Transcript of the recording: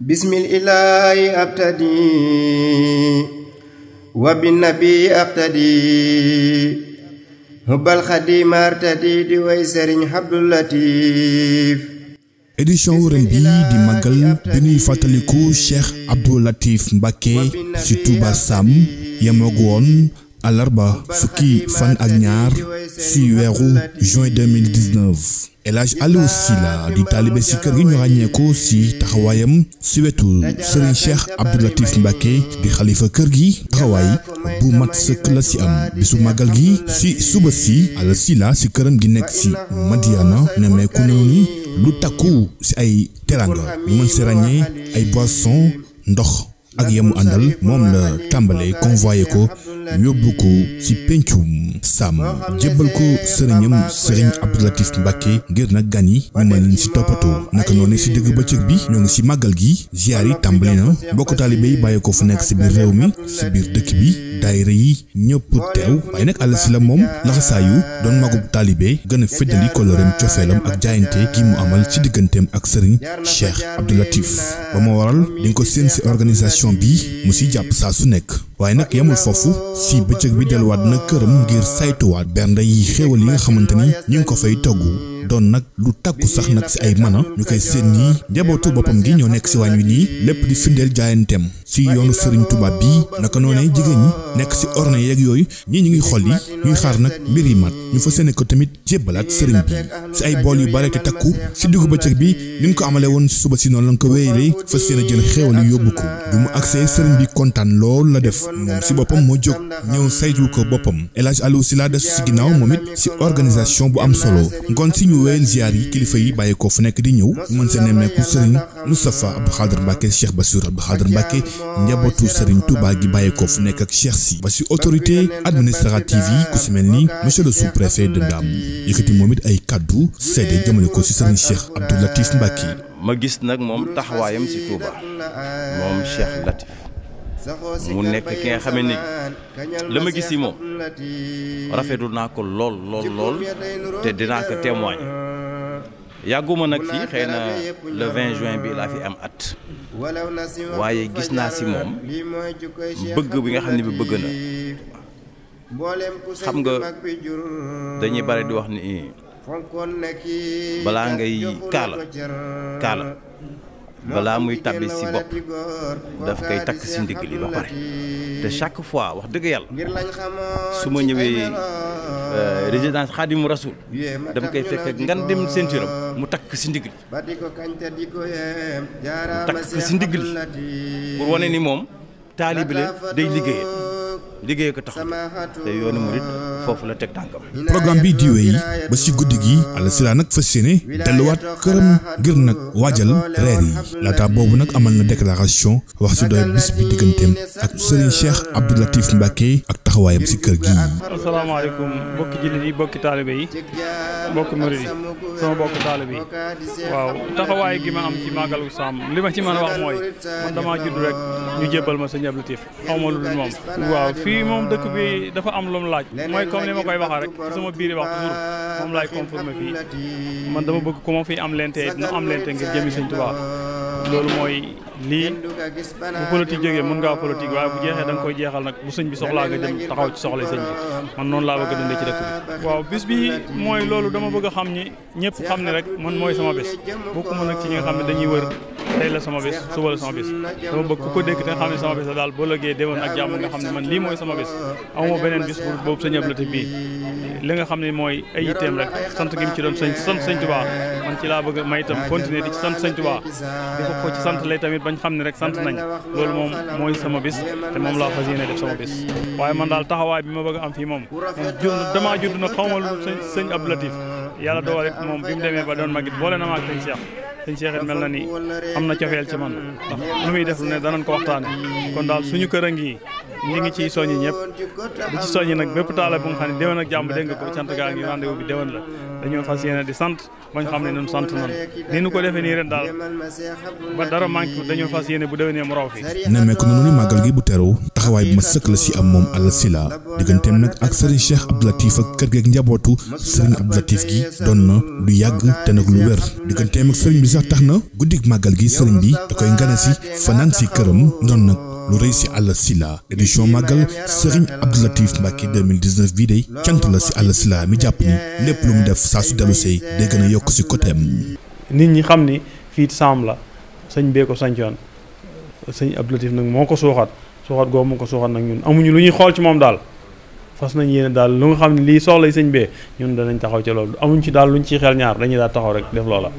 bismillaahi abtadi wa binnabi abtadi hubbal xadim artadi di way sëriñ Abdou Latif édition ren bi di màggal bi ñuy fàttaliku Cheikh Abdou Latif Mbacké ci Touba Sam yemoog woon àllarba fukki fan ak ñaar si weeru juin 2019 El Hadj Aliou Sylla di taalibe si kër gi ñu ràññee ko si taxawaayam si wetu Serigne Cheikh Abdou Latif di xalifa kër gi taxawaay bu mat sëkk la si am bisu màggal gi si suba si Aliou Sylla si këram gi nekk si Madiana nemmeeku nañu ni lu takku si ay teranga ñu mën si ràññee ay boisson ndox ak yemu àndal moom la tàmbalee convoyé ko yóbbu ko ci pencum sàmm jébbal ko sëriñam sëriñ Abdoulatif Mbacke ngir nag gan yi ñu mën leen ci toppatoo naka noonu ci dëgg bëccëg bi ñoo ngi ci màggal gi ziar yi tàmbali na mbokk taalibe yi bàyyee ko fu nekk ci biir réew mi ci biir dëkk bi daayira yi ñëpp teew waaye nag àll si la moom laxasaayu doon magub taalibe gën a feddali koloreem cofeelam ak jaayante gi mu amal ci digganteem ak sëriñ Cheikh Abdoulatif ba ma waral di ko seen ci organisation bi mu jàpp saa su nekk waaye nag yemul foofu si bëccëg bi delluwaat na këram ngir saytuwaat bernde yi xéewal yi nga xamante ni ñu ngi ko fay togg. doon nag lu takku sax nag si ay mana ñu koy seen nii njabootu boppam gi ñoo nekk si waañ wi nii lépp di firndeel jaayanteem si yoonu Serigne tubaab bii naka noonee jigéen ñi nekk si orne yeeg yooyu ñii ñu ngi xol yi ñuy xaar nag mbir yi mat ñu fa seene ko tamit jébbalaat Serigne bi si ay bool yu bare te takku si diggu bëccëg bi ni ko amale woon suba si noonu lañ ko wéyalee fa seen a jël xéewal yu yóbbu ko mu agsee kontaan loolu la def moom si boppam moo jóg ñëw saytul ko boppam El Hadj Aliou laa des si ginnaaw moom it si organisation bu am solo ngoon si ñu wéyal ziar yi kilifa yi bàyyi ko fu nekk di ñëw mën seen nemmeeku sëriñ Moustapha Abdou Khadr Mbacke Cheikh Bassirou Abdou Khadr Mbacke njabootu sëriñ Touba gi bàyyi ko fu nekk ak Cheikh si ba si autorité administrative yi ku si mel ni monsieur le sous-préfet de Ndam yëkkati moom it ay kàddu kaddu seede jëmale ko si sëriñ Cheikh Abdou Latif ma gis nag moom taxawaayam si mu nekk ki nga xamee ni la ma gis yi moom rafetlu naa ko lool lool lool te dinaa ko témoigner yàgguma nag fii xëy na le 20 bi laa fi am at waaye gis naa si moom bëgg bi nga xam ne bi bëgg na xam nga dañuy bare di wax ni balaa ngay kaala kaala balaa muy tabbi si bopp daf koy takk si ndigg li ba pare te chaque fois wax dëgg yàlla su ma ñëwee résidence Xaadimu Rasuul dama koy fekk ngan dem ceinturam mu takk si ndigg li mu takk si ndigg li pour wane ni moom taalibe la day liggéeyee liggéey ko tax la teg tànkam. programme bi diwee yi ba si guddi gi Alla Sylla nag fas yéene delluwaat këram ngir nag waajal reer yi laata boobu nag amal na déclaration wax si doy bis bi digganteem ak Serigne Cheikh Abdou Latif Mbacké ak. taxawaayam si kër gi. asalaamaaleykum mbokki jullit yi mbokki taalibe yi mbokki murid yi sama mbokki taalibe yi waaw taxawaay gi ma am ci màggalu saam li ma ci mën a wax mooy man damaa judd rek ñu jébbal ma sëñ Abdou Latif xaw ma lu dul moom. waaw fii moom dëkk bi dafa am lu mu laaj mooy comme ni ma koy waxee rek sama biir wax toujours moom laay confirmer fii man dama bëgg ku ma fi am lente na am lente ngir jëmi sëñ Tuubaa loolu mooy lii bu politique jógee mën ngaa politique waaye bu jeexee da nga koy jeexal nag bu sëñ bi soxlaa nga jëm taxaw ci soxla sëñ bi man noonu laa bëgg a dundee ci dëkk bi. waaw bis bi mooy loolu dama bëgg a xam ni ñëpp xam ne rek man mooy sama bés bokkuma nag ci ñi nga xam ne dañuy wër tey la sama bés suba la sama bés dama bëgg ku ko dégg te xam ne sama bés la daal boo lëgee demoon ak jàmm nga xam ne man lii mooy sama bés amoo beneen bis bu boobu sëñ Abdou Latif li nga xam ne mooy ay yitteem rek sant gi mu ci doon sëñ sant sëñ Tuubaa man ci laa bëgg may itam continuer di ci sant sëñ Tuubaa di ko ko ci sant lay tamit bañ xam ni rek sant nañ loolu moom mooy sama bis te moom laa fas yéene def sama bis waaye man daal taxawaay bi ma bëgg am fi moom moom jur damaa judd na xawma lu sëñ Abdou Latif yàlla dogal it moom bi mu demee ba doon magit boole na maag sëñ Cheikh sëñ Cheikh mel na ni am na cofeel ci man ndax lu muy def lu ne danañ ko waxtaane kon daal suñu kër a ngi ñi ngi ciy soññi ñëpp di ci soññi nag bépp taala bu nga xam ne déwén ak jàmm dégg nga ko cant gaa ngi rendez-vous bi déwén la dañoo fas yéene di sant bañ xam ne ñun sant nañ ni ñu ko defee nii ren daal ba dara manqué dañoo fas yéene bu déwénee mu raw fi nemmeeku na nu màggal gi bu teru taxawaay bu ma sëkk la si am moom Alla Sylla digganteem nag ak Serigne Cheikh Abdou Latif ak kër geeg na lu yàgg te nag sax tax na guddik màggal gi sëriñ bi da koy ngana si fanaan si këram doon nag lu rëy si Alla Sylla édition màggal sëriñ Abdou Latif Mbacké 2019 bii de cant la si Alla Sylla mi jàpp ni lépp lu mu def saa su dellu sey day gën a yokk si côté nit ñi xam ni fii saam la sëñ bee ko sancoon sëñ Abdou Latif nag moo ko suuxat suuxat googu mu ko suuxat nag ñun amuñu lu ñuy xool ci moom daal fas nañ yéene daal lu nga xam ne lii soxlay sëñ bee ñun danañ taxaw ci loolu amuñ ci daal luñ ci xel ñaar dañuy daal taxaw rek def loola